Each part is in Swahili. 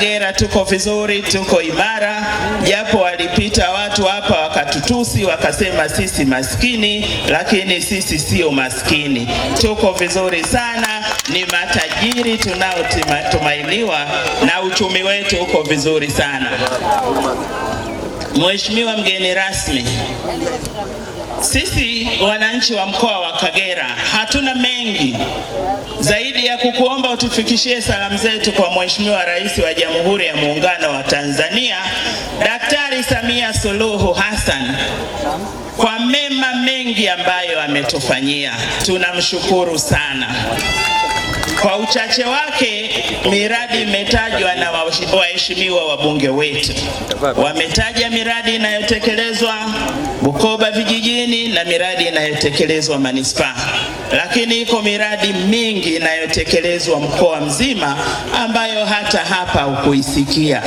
Kagera tuko vizuri, tuko imara, japo walipita watu hapa wakatutusi, wakasema sisi maskini, lakini sisi sio maskini, tuko vizuri sana, ni matajiri tunaotumainiwa na uchumi wetu uko vizuri sana. Mheshimiwa mgeni rasmi sisi wananchi wa mkoa wa Kagera hatuna mengi zaidi ya kukuomba utufikishie salamu zetu kwa Mheshimiwa Rais wa Jamhuri ya Muungano wa Tanzania Daktari Samia Suluhu Hassan kwa mema mengi ambayo ametufanyia. Tunamshukuru sana. Kwa uchache wake, miradi imetajwa na waheshimiwa wabunge wetu, wametaja miradi inayotekelezwa Bukoba vijijini na miradi inayotekelezwa manispaa, lakini iko miradi mingi inayotekelezwa mkoa mzima ambayo hata hapa hukuisikia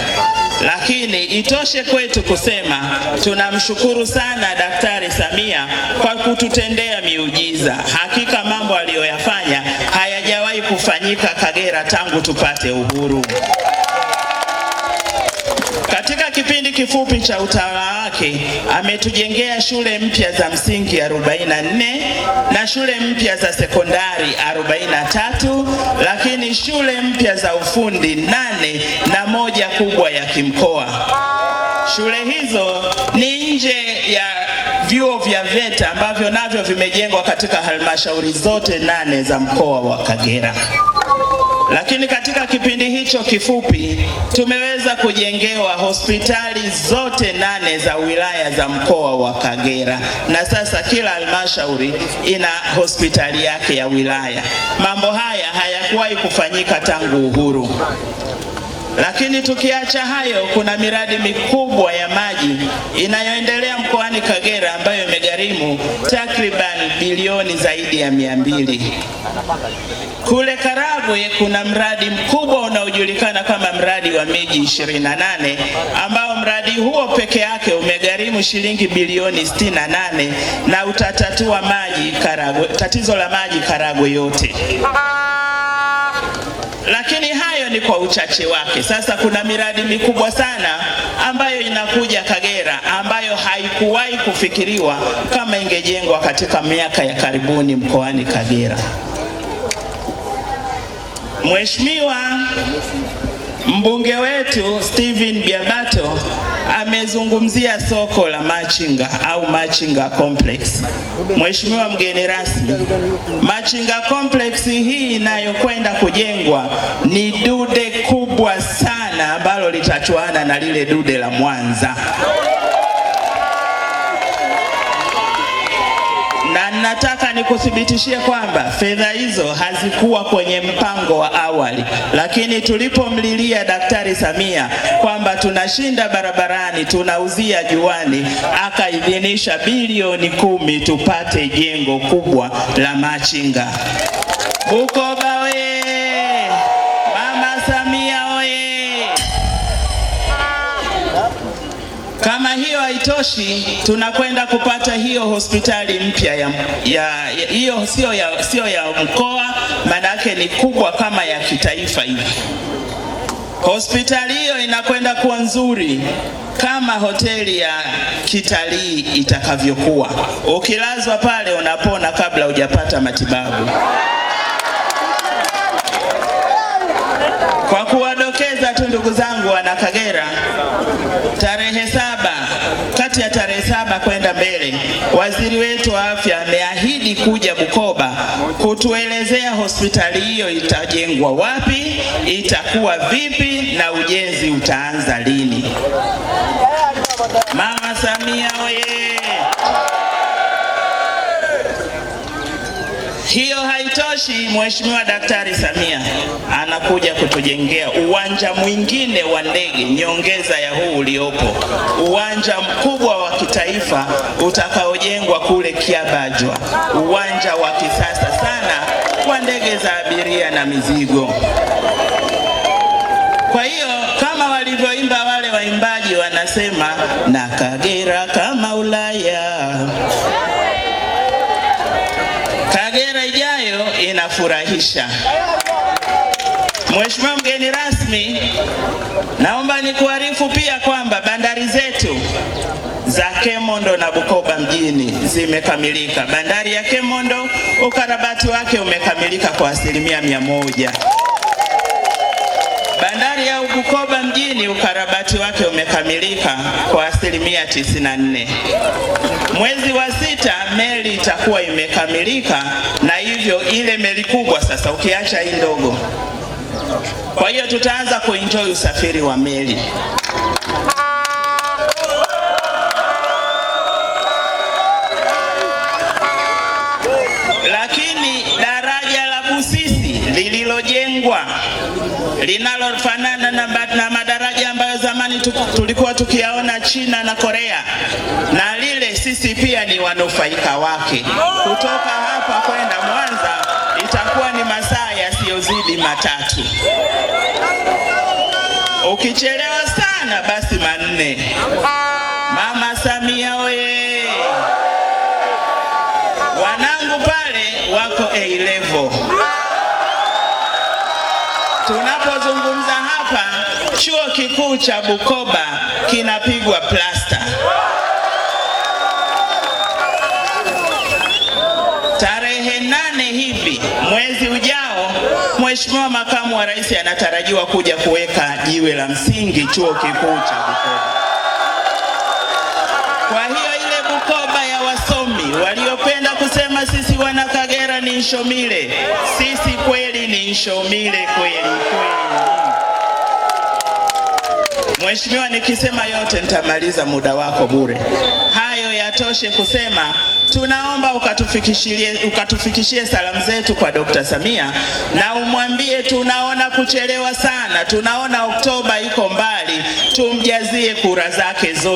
lakini itoshe kwetu kusema tunamshukuru sana Daktari Samia kwa kututendea miujiza. Hakika mama kufanyika Kagera tangu tupate uhuru. Katika kipindi kifupi cha utawala wake ametujengea shule mpya za msingi 44 na shule mpya za sekondari 43, lakini shule mpya za ufundi nane na moja kubwa ya kimkoa. Shule hizo ni nje ya vyuo vya VETA ambavyo navyo vimejengwa katika halmashauri zote nane za mkoa wa Kagera. Lakini katika kipindi hicho kifupi tumeweza kujengewa hospitali zote nane za wilaya za mkoa wa Kagera, na sasa kila halmashauri ina hospitali yake ya wilaya. Mambo haya hayakuwahi kufanyika tangu uhuru. Lakini tukiacha hayo, kuna miradi mikubwa ya maji inayoendelea mkoani Kagera ambayo imegharimu takriban bilioni zaidi ya mia mbili. Kule Karagwe kuna mradi mkubwa unaojulikana kama mradi wa miji 28 ambao mradi huo peke yake umegharimu shilingi bilioni 68 na utatatua maji Karagwe, tatizo la maji Karagwe yote lakini hayo ni kwa uchache wake. Sasa kuna miradi mikubwa sana ambayo inakuja Kagera ambayo haikuwahi kufikiriwa kama ingejengwa katika miaka ya karibuni mkoani Kagera. Mheshimiwa Mbunge wetu Steven Biabato amezungumzia soko la Machinga au Machinga Complex. Mheshimiwa mgeni rasmi, Machinga Complex hii inayokwenda kujengwa ni dude kubwa sana ambalo litachuana na lile dude la Mwanza. nataka nikuthibitishie kwamba fedha hizo hazikuwa kwenye mpango wa awali, lakini tulipomlilia Daktari Samia kwamba tunashinda barabarani tunauzia juani, akaidhinisha bilioni kumi tupate jengo kubwa la machinga Bukoba. Kama hiyo haitoshi, tunakwenda kupata hiyo hospitali mpya ya, ya, ya, hiyo sio ya, sio ya mkoa, manake ni kubwa kama ya kitaifa hivi. Hospitali hiyo inakwenda kuwa nzuri kama hoteli ya kitalii itakavyokuwa. Ukilazwa pale unapona kabla hujapata matibabu. Kwa kuwadokeza tu ndugu zangu Mchere, waziri wetu wa afya ameahidi kuja Bukoba kutuelezea hospitali hiyo itajengwa wapi, itakuwa vipi na ujenzi utaanza lini. Mama Samia oye! Hiyo haitoshi, Mheshimiwa Daktari Samia anakuja kutujengea uwanja mwingine wa ndege nyongeza ya huu uliopo, uwanja mkubwa wa kitaifa utakaojengwa kule Kiabajwa, uwanja wa kisasa sana kwa ndege za abiria na mizigo. Kwa hiyo kama walivyoimba wale waimbaji wanasema, na Kagera kama Ulaya Kagera ijayo inafurahisha. Mheshimiwa mgeni rasmi, naomba nikuarifu pia kwamba bandari zetu za Kemondo na Bukoba mjini zimekamilika. Bandari ya Kemondo ukarabati wake umekamilika kwa asilimia mia moja. Bukoba mjini ukarabati wake umekamilika kwa asilimia 94. Mwezi wa sita meli itakuwa imekamilika, na hivyo ile meli kubwa sasa, ukiacha hii ndogo. Kwa hiyo tutaanza kuenjoy usafiri wa meli. Lakini daraja la Busisi lililojengwa linalofanana na madaraja ambayo zamani tulikuwa tukiyaona China na Korea, na lile sisi pia ni wanufaika wake. Kutoka hapa kwenda Mwanza itakuwa ni masaa yasiyozidi matatu, ukichelewa sana basi manne. Mama Samia oye! Wanangu pale wako A level tunapozungumza hapa, chuo kikuu cha Bukoba kinapigwa plasta. Tarehe nane hivi mwezi ujao, Mheshimiwa Makamu wa Rais anatarajiwa kuja kuweka jiwe la msingi chuo kikuu cha Bukoba. Kwa hiyo ile Bukoba ya wasomi waliopenda kusema sisi wana Kagera ni nshomile, sisi kweli Mwisho mile kweli kweli. Mheshimiwa, nikisema yote nitamaliza muda wako bure. Hayo yatoshe kusema tunaomba ukatufikishie, ukatufikishie salamu zetu kwa Dr. Samia na umwambie tunaona kuchelewa sana, tunaona Oktoba iko mbali, tumjazie kura zake zote.